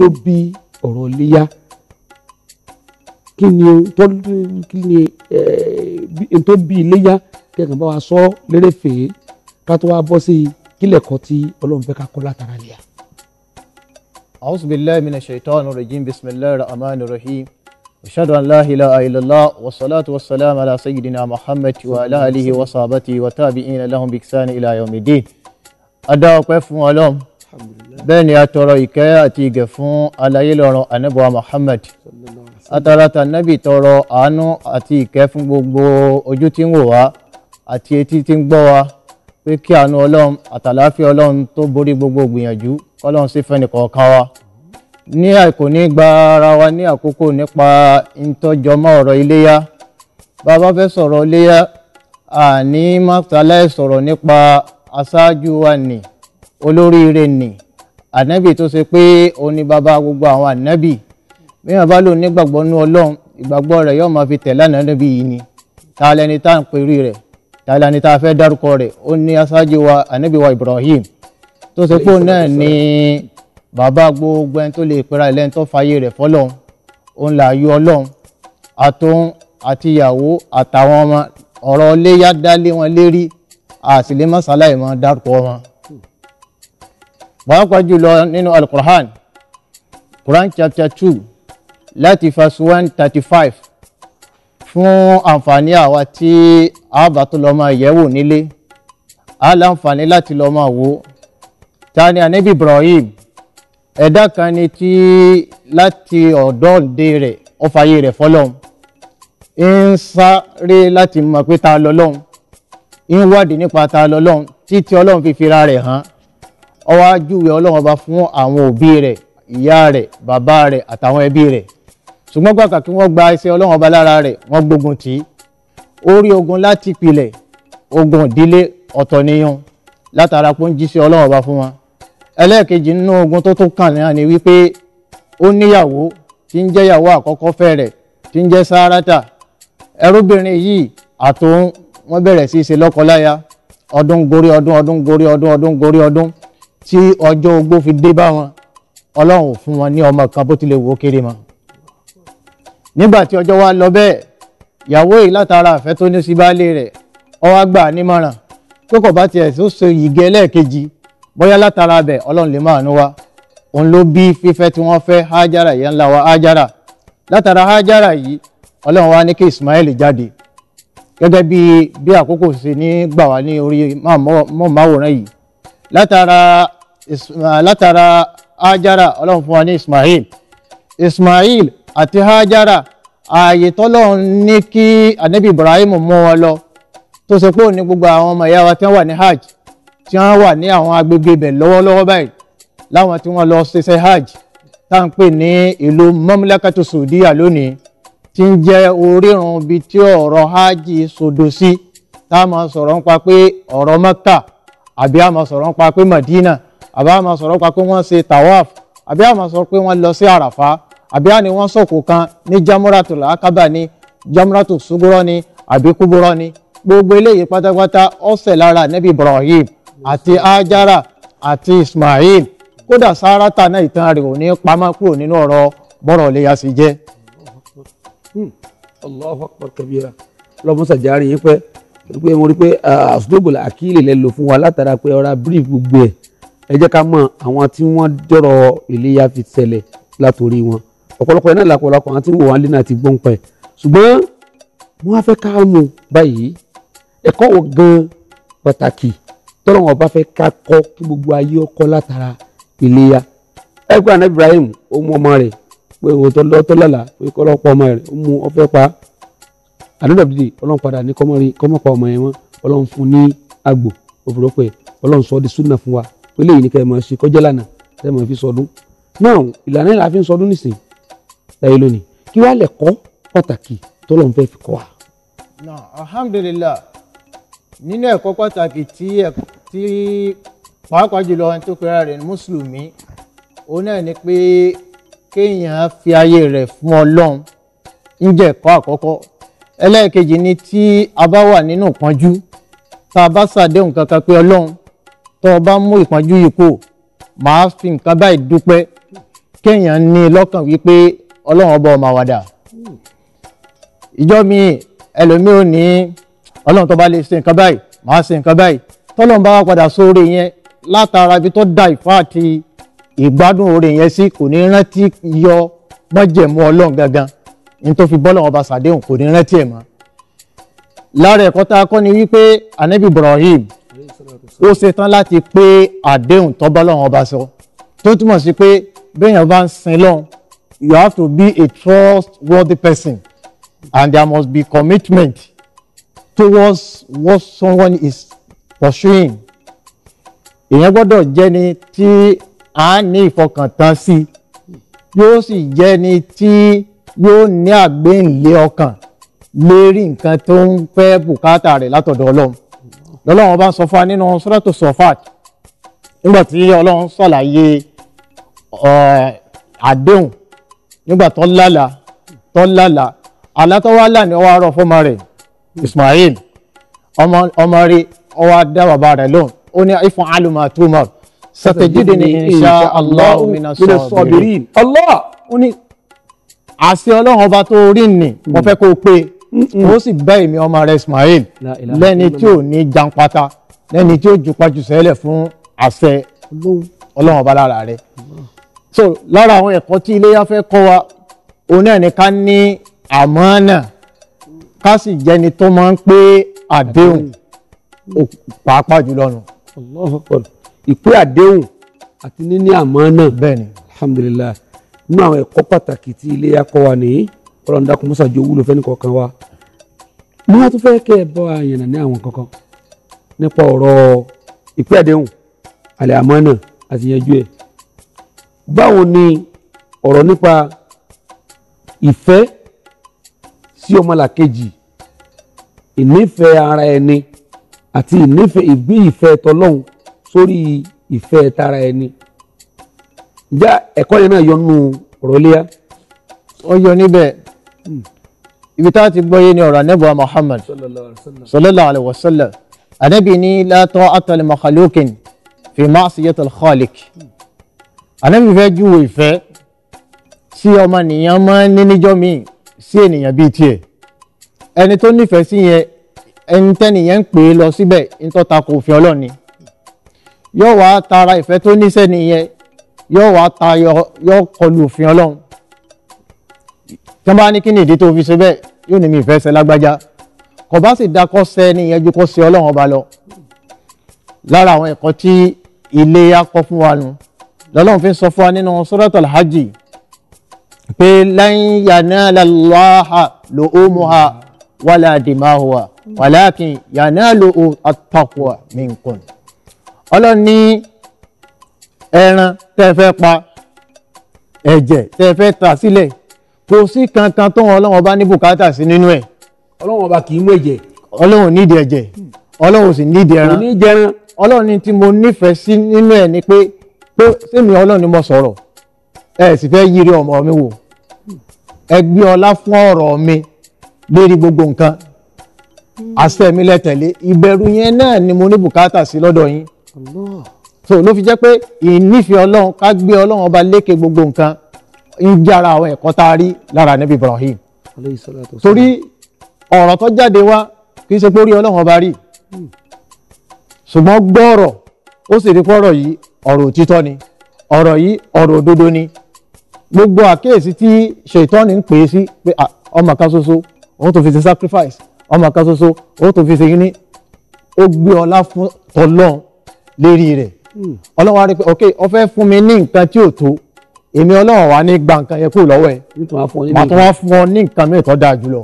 ló bí ọ̀rọ̀ léyà kí ni tó kí ni ẹ̀ tó bí léyà kẹ̀kẹ́ bá wa sọ lérèfé ká tó wá bọ́ sí kílẹ̀kọ́ tí ọlọ́run fẹ́ ká kọ́ látara léyà. a'udhu billahi minash shaitani rajim bismillahir rahmanir rahim ashhadu an la ilaha illallah wa salatu wa salam ala sayyidina muhammad wa ala alihi wa sahbihi wa tabi'ina lahum bi ihsani ila yawmiddin. adá ọpẹ́ fún ọlọ́run bẹ́ẹ̀ ni a tọrọ ìkẹ́ àti ìgẹ̀ fún alayé lọ́rọ̀ anabuwa Muhammad atarata nabi tọrọ àánú àti ìkẹ́ fún gbogbo ojú tí ń wò wá àti etí tí ń gbọ́ wá pé kí àánú ọlọ́run àtàláfíà ọlọ́run tó borí gbogbo gbìyànjú ọlọ́run sì fẹ́ni kọ̀ọ̀kan wa ní àìkò ní gba ara wa ní àkókò nípa ìtọ́jọmọ́ ọ̀rọ̀ iléyá bàbá fẹ́ sọ̀rọ̀ iléyá àní mọ́tàláì sọ̀rọ̀ nípa aṣáájú wa nìí olóríire ni ànábì tó ṣe pé òun ni bàbá gbogbo àwọn ànábì bí wọn bá lò nígbàgbọ́ nú ọlọ́run ìgbàgbọ́ rẹ̀ yóò máa fi tẹ̀lé ànábì yìí ni ta lẹni tá à ń perí rẹ̀ ta lẹni tá a fẹ́ dárúkọ rẹ̀ ó ní aṣáájú wa ànábì wa Ibrahim tó ṣe pé òun náà ni bàbá gbogbo ẹni tó lè pera ẹlẹ́ni tó fàyè rẹ̀ fọlọ́run òun là yọ ọlọ́run àtòun àti ìyàwó àtàwọn ọmọ ọ̀rọ̀ léyà dá wọn lérí àsìlémọ́sálà ìmọ̀ dárúkọ wọn pàápàá jùlọ nínú alukur'an quran chapter two láti verse one thirty five fún àǹfààní àwa tí àbá tó lọ máa yẹ̀wò nílé a láǹfààní láti lọ máa wò ta ni anabi ibrahim ẹ̀dá kan ni tí láti ọ̀dọ́ òde rẹ̀ ó fàyè rẹ̀ fọlọ́run ń sáré láti mọ̀ pé ta lọ́lọ́run ń wádìí nípa ta lọ́lọ́run títí ọlọ́run fi fira rẹ̀ hàn ó wá júwe ọlọ́run ọba fún àwọn òbí rẹ̀ ìyá rẹ̀ bàbá rẹ̀ àtàwọn ẹbí rẹ̀ ṣùgbọ́n gbàgbà kí wọ́n gba iṣẹ́ ọlọ́run ọba lára rẹ̀ wọ́n gbógun tì í orí ogun láti pilẹ̀ ogun ìdílé ọ̀tọ̀ níyàn látara pé ó ń jíṣẹ́ ọlọ́run ọba fún wọn ẹlẹ́ẹ̀kejì nínú ogun tó tún kàn náà ni wípé ó níyàwó tí ń jẹ́yàwó àkọ́kọ́ fẹ́ rẹ̀ tí ń jẹ́ Sárátà ẹrúbìnrin yìí àtòun wọ́n bẹ̀rẹ̀ sí í ṣe lọ́kọláya ọdún gorí ọdún ọdún gorí ọdún ọdún gorí ọdún tí ọjọ́ ogbó fi dé bá wọn ọlọ́run fún wọn ní ọmọ kan bó tilẹ̀ wò ó kéré mọ́ nígbà tí ọjọ́ wa lọ bẹ́ẹ̀ ìyàwó yìí látara àfẹ́ tó ní sí baálé rẹ̀ ó wá gbà nímọ̀ràn pé kò bá tiẹ̀ tó so yìgì ẹlẹ́ẹ̀kejì bóyá látara bẹ̀ ọlọ́run lè máa nú wa òun ló bí fífẹ́ tí wọ́n fẹ́ hájára ìyá ńlá wa hájára látara hájára yìí ọlọ́run wa ní kí Ismail jáde gẹ́gẹ́ bí bí àkókò ṣe ní gbà wá ní orí mọ́ọ̀máwòrán yìí látara Uh, látara Hajara ọlọ́run fún wa ní Ismail Ismail àti Hajara ààyè tọ́lọ́run ní kí anabi Ibrahim mú wọn lọ tó ṣe pé òní gbogbo àwọn ọmọ ìyá wa tí wọ́n wà ní hajj tí wọ́n wà ní àwọn agbègbè ibẹ̀ lọ́wọ́lọ́wọ́ báyìí láwọn tí wọ́n lọ ṣiṣẹ́ hajj tá n pè ní ìlú Mamlakatu Saudiya lónìí tí ń jẹ́ orírun bíi tí ọ̀rọ̀ hajj sodo sí tá a máa sọ̀rọ̀ nípa pé ọ̀rọ̀ Mẹ́kà àbí a máa sọ̀rọ̀ nípa pé Madina àbí a máa sọ̀rọ̀ pa pé wọ́n ṣe tawaf àbí a máa sọ̀rọ̀ pé wọ́n lọ sí àràfá àbí àní wọ́n sọ̀kò kan ní jamuratu làákàbà ni jamuratu sugurọ́ ni àbí kúburọ́ ni gbogbo eléyìí pátápátá ọ̀sẹ̀ lára nẹ́bí Ibrahim àti Ajara àti Ismail kódà Sárátà náà ìtàn rẹ̀ ò ní pamọ́ kúrò nínú ọ̀rọ̀ bọ́rọ̀ lè yasi jẹ́. Hmm. Allahu akbar kabira lọ́mọ́sàjárì yìí pé mo rí pé àsùdógbòlà ah, àkílè brief gbogbo ẹ jẹ́ ká mọ àwọn tí wọ́n jọ̀rọ̀ iléyà fi ṣẹlẹ̀ látòrí wọn ọ̀pọ̀lọpọ̀ iná làpọ̀lọpọ̀ àwọn tí wọ́n wà lẹ́nà àti gbọ́npẹ̀ ṣùgbọ́n wọ́n á fẹ́ ká mú báyìí ẹ̀kọ́ wo gan pàtàkì tọ́lọ́ wọn bá fẹ́ ká kọ́ kí gbogbo ayé ọkọ́ látara iléyà ẹgbẹ́ àná Ibrahim ó mú ọmọ rẹ̀ pé òótọ́ lọ́tọ́ lọ́la pé kọ́lọ́pọ̀ ọmọ rẹ̀ ó mú ọfẹ́ pa àdúràbìdì Ọlọ́run padà ní kọ́mọ́pa ọmọ yẹn mọ́ Ọlọ́run eléyìí ni kẹ́ ẹ máa ṣe kọjá lànà tẹ́ ẹ máa fi sọdún náà ìlànà yìí la fi ń sọdún nìsín ẹ̀yìn lónìí kí wàá lẹ̀kọ́ pàtàkì tọ́lọ́run fẹ́ fi kọ́ wa. náà alhamdulillah nínú ẹ̀kọ́ pàtàkì tí tí pàápàá jùlọ ẹni tó pera rẹ̀ mùsùlùmí òun náà ni pé kéèyàn fi ayé rẹ̀ fún ọlọ́run ń jẹ́ ẹ̀kọ́ àkọ́kọ́ ẹlẹ́ẹ̀kejì ni tí a bá wà nínú ìpọ́njú tá a bá ṣàdéhùn kankan pé ọlọ́run tó o bá mú ìpọ́njú yìí kù màá fi nǹkan báyìí dúpẹ́ kéèyàn ní lọ́kàn wípé ọlọ́run ọba ọmọ àwàdà ìjọ mi ẹlòmíì ní ọlọ́run tó bá lè ṣe nǹkan báyìí màá ṣe nǹkan báyìí tọ́lọ́run bá yẹn látara ibi tó da ìfá àti ìgbádùn oore yẹn sí kò ní rántí yọ mọ́jẹ̀mú ọlọ́run gangan ní tó fi bọ́lọ́run ọba kò ní rántí ẹ̀ mọ́ lára ẹ̀kọ́ tá a kọ́ ni wípé ó ṣetán láti pé àdéhùn tọ́bọ́lọ́wọ́n ọba sọ tó túmọ̀ sí pé béèyàn bá ń sin lọ́hùn you have to be a trustworthy person and there must be commitment towards what someone is pursuing èèyàn gbọ́dọ̀ jẹ́ni tí a ní ìfọkàntán sí yóò sì jẹ́ni tí yóò ní àgbéǹlé ọkàn lérí nǹkan tó ń fẹ́ bùkátà rẹ̀ látọ̀dọ̀ Ọlọ́run lọ́lọ́run ọba ń sọ fún wa nínú sọ́dọ̀tò sọ̀fàt nígbà tí ọlọ́run sọ̀làyé àdéhùn nígbà tó lálà tó lálà alátọ́wálà ni ọwọ́ arọ fọmọ rẹ̀ Ismail ọmọ rẹ̀ ọwọ́ adá bàbá rẹ̀ lóhùn ó ní ifun alùmọ̀ àtúmọ̀ sàtẹ̀jídìní insha Allah minas sabirin Allah ó ní àṣẹ ọlọ́run ọba tó rí nì wọ́n fẹ́ kó o pé ó sì bẹ́ èmi ọmọ rẹ Ismail lẹ́ni tí ò ní janpata lẹ́ni tí ó jupájú sẹ́lẹ̀ fún àṣẹ ọlọ́run ọba lára rẹ. so lára àwọn ẹ̀kọ́ tí iléyà fẹ́ kọ́ wa òun náà ni ká ní àmánà ká sì jẹni tó máa ń pé àdéhùn pàápàá jùlọ nù. ìpè àdéhùn àti níní àmánà bẹ́ẹ̀ ni alhamdulilayi nínú àwọn ẹ̀kọ́ pàtàkì tí iléyà kọ́ wa nìyí ọlọ́run dákun mọ́sá jọ wúlò fẹ́ni kọ̀ọ̀kan wa mo wá tún fẹ́ kẹ́ ẹ bọ́ àyànnà ní àwọn kankan nípa ọ̀rọ̀ ìpín àdéhùn àlẹ́ àmánà àti yanjú ẹ̀ báwo ni ọ̀rọ̀ nípa ìfẹ́ sí ọmọlàkejì ìnífẹ̀ẹ́ ara ẹni àti ìnífẹ̀ẹ́ ìgbé ìfẹ́ tọlọ́hun sórí ìfẹ́ tara ẹni já ẹ̀kọ́ yẹn náà yọ nínú ọ̀rọ̀ léyà. ó yọ níbẹ̀ ibi tá a ti gbọ́ yé ni ọ̀rọ̀ anábọ̀ Muhammad sallallahu alayhi wa sallam anábì ní la ta'ata li makhluqin fi ma'siyati al-khaliq anábì fẹ́ júwe ìfẹ́ sí ọmọ nìyẹn máa ń ní níjọ́ míì sí ènìyàn bíi tiẹ̀ ẹni tó nífẹ̀ẹ́ sí yẹn ẹni tẹ́nìyẹn ń pè é lọ síbẹ̀ ń kò fi Ọlọ́run ni yóò wá tara ìfẹ́ tó níṣẹ́ nìyẹn yóò wá ta yọ kọlu òfin Ọlọ́run tí wọ́n bá ní kí ni ìdí tó fi ṣe bẹ́ẹ̀ yóò ní mi ìfẹ́ ṣe lágbájá kò bá sì dakọ́ ṣe ní ìyẹjú kó ṣe ọlọ́run ọba lọ lára àwọn ẹ̀kọ́ tí ilé akọ fún wa nu lọ́lọ́run fi sọ fún wa nínú suratul hajj pé lan yanala Allaha lu'umuha wala dimahuha walakin yanalu at-taqwa minkum ọlọ́run ní ẹran tẹ́ fẹ́ pa ẹ̀jẹ̀ tẹ́ fẹ́ ta sílẹ̀ kò sí kankan tó wọn ọlọ́wọ́n bá ní bùkátà sí nínú ẹ̀. ọlọ́wọ́n bá kì í mú ẹ̀jẹ̀. ọlọ́wọ́n nídìí ẹ̀jẹ̀ ọlọ́wọ́n sì nídìí ẹran. kò jẹran. ọlọ́run ni tí mo nífẹ̀ẹ́ sí nínú ẹ̀ ni pé pé sẹ́mi ọlọ́run ni mo sọ̀rọ̀ ẹ sì fẹ́ yiri ọmọ mi wò ẹ gbé ọlá fún ọ̀rọ̀ mi lérí gbogbo nǹkan àṣẹ mi lẹ́tẹ̀lé ìbẹ̀rù yẹn náà ni mo ní bùkátà sí lọ́dọ̀ yín so ló fi jẹ́ pé ìnífẹ̀ẹ́ ọlọ́run ká gbé ọlọ́run ọba lékè gbogbo nǹkan ìjára àwọn ẹ̀kọ́ tá a rí lára Nabi Ibrahim torí ọ̀rọ̀ tó jáde wá kì í ṣe pé orí ọlọ́run ọba rí hmm. ṣùgbọ́n gbọ́ọ̀rọ̀ ó sì rí pọ́rọ̀ yìí ọ̀rọ̀ òtítọ́ ni ọ̀rọ̀ yìí ọ̀rọ̀ òdodo ni gbogbo àkíyèsí tí ṣètọ́ni ń pè é sí pé ọmọ kan ṣoṣo òun tó fi ṣe sacrifice ọmọ kan ṣoṣo òun tó fi ṣe yín ní ó gbé ọlá fún tọlọ́n lérí rẹ̀ hmm. ọlọ́run á pé ok ó fẹ́ fún mi ní nǹkan tí ò tó èmi ọlọ́run wa ní gba nǹkan yẹn kúrò lọ́wọ́ ẹ̀ màá tún wá fún ọ ní nǹkan mìíràn dáa jùlọ.